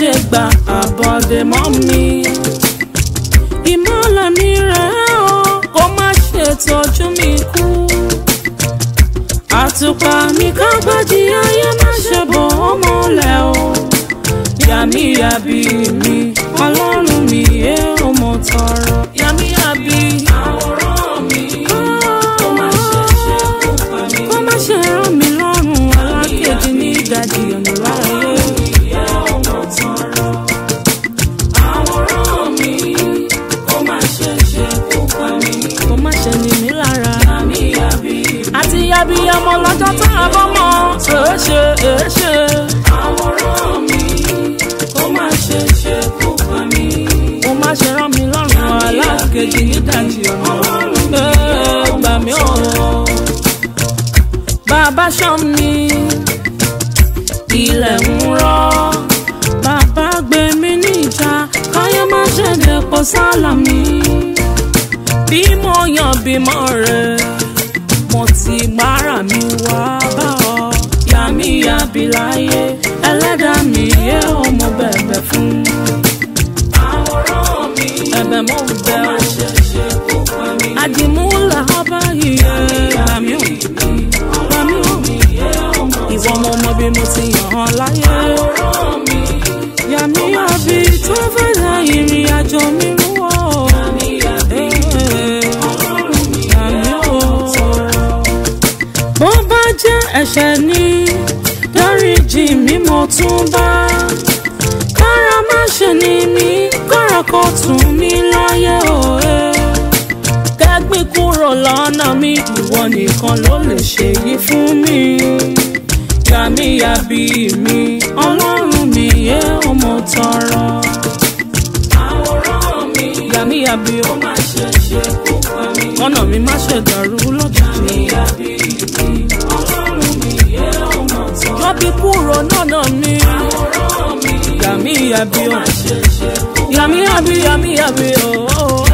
ṣe gba àbọ̀dé mọ́ mi. ìmọ̀lá mi rẹ̀ ọ́ kó má ṣe tọ́jú mi kú. àtùpà mi kágbájì ayé má ṣe bò ó mọ́lẹ̀ o. yàmíyàbí mi ọlọ́run mi yé ọmọ tọrọ. yàmíyàbí àwòrán mi. kó má ṣe ṣe kópa mi. kó má ṣe rán mi lọ́rùn alákejì ní ìdajì ọ̀nà lára. abiyamọ lọ́jọ́ tá a bọ́ mọ́ èéṣe èéṣe. àwòrán mi kó má ṣe ṣe kú pa mí. kó má ṣe rán mi lọ́rùn alákejì nídàjì ọ̀nà. ẹ gbà mí o. bàbá ṣán mi ilẹ̀ ń rọ̀ bàbá gbé mi níjà káyọ̀ má ṣe dẹ̀pọ̀ sálà mi bí mo yàn bímọ rẹ̀ mo ti gbára mi wá bá ọ. Yàmi yàbí láyé ẹlẹ́dàá mi yé o mo bẹ̀bẹ̀ fún. Àwòrán mi ẹ̀bẹ̀ mo bẹ̀ o. Àdìmúlà ọba yìí bàmí ò bàmí ò ìwọ mo mọ bí mo ti yàn án láyé. Àwòrán mi yàmi yàbí tó fẹ́ la ìrìn àjò mi rẹ̀. ẹ̀ṣẹ̀ ní dáríjì mi mo tún bá kára má ṣe ni mí kára kó tún mí láyé òye kẹ́gbìn kúrò lọ́nà mi ìwọ nìkan ló lè ṣèyí fún mi yàmíyàbí mi ọlọ́run mi yé ọmọ tọrọ àwòrán mi yàmíyàbí ó má ṣe ṣe kó mi ọ̀nà mi má ṣe dàrú lójijì àbí o yàmí àbí yàmí àbí o.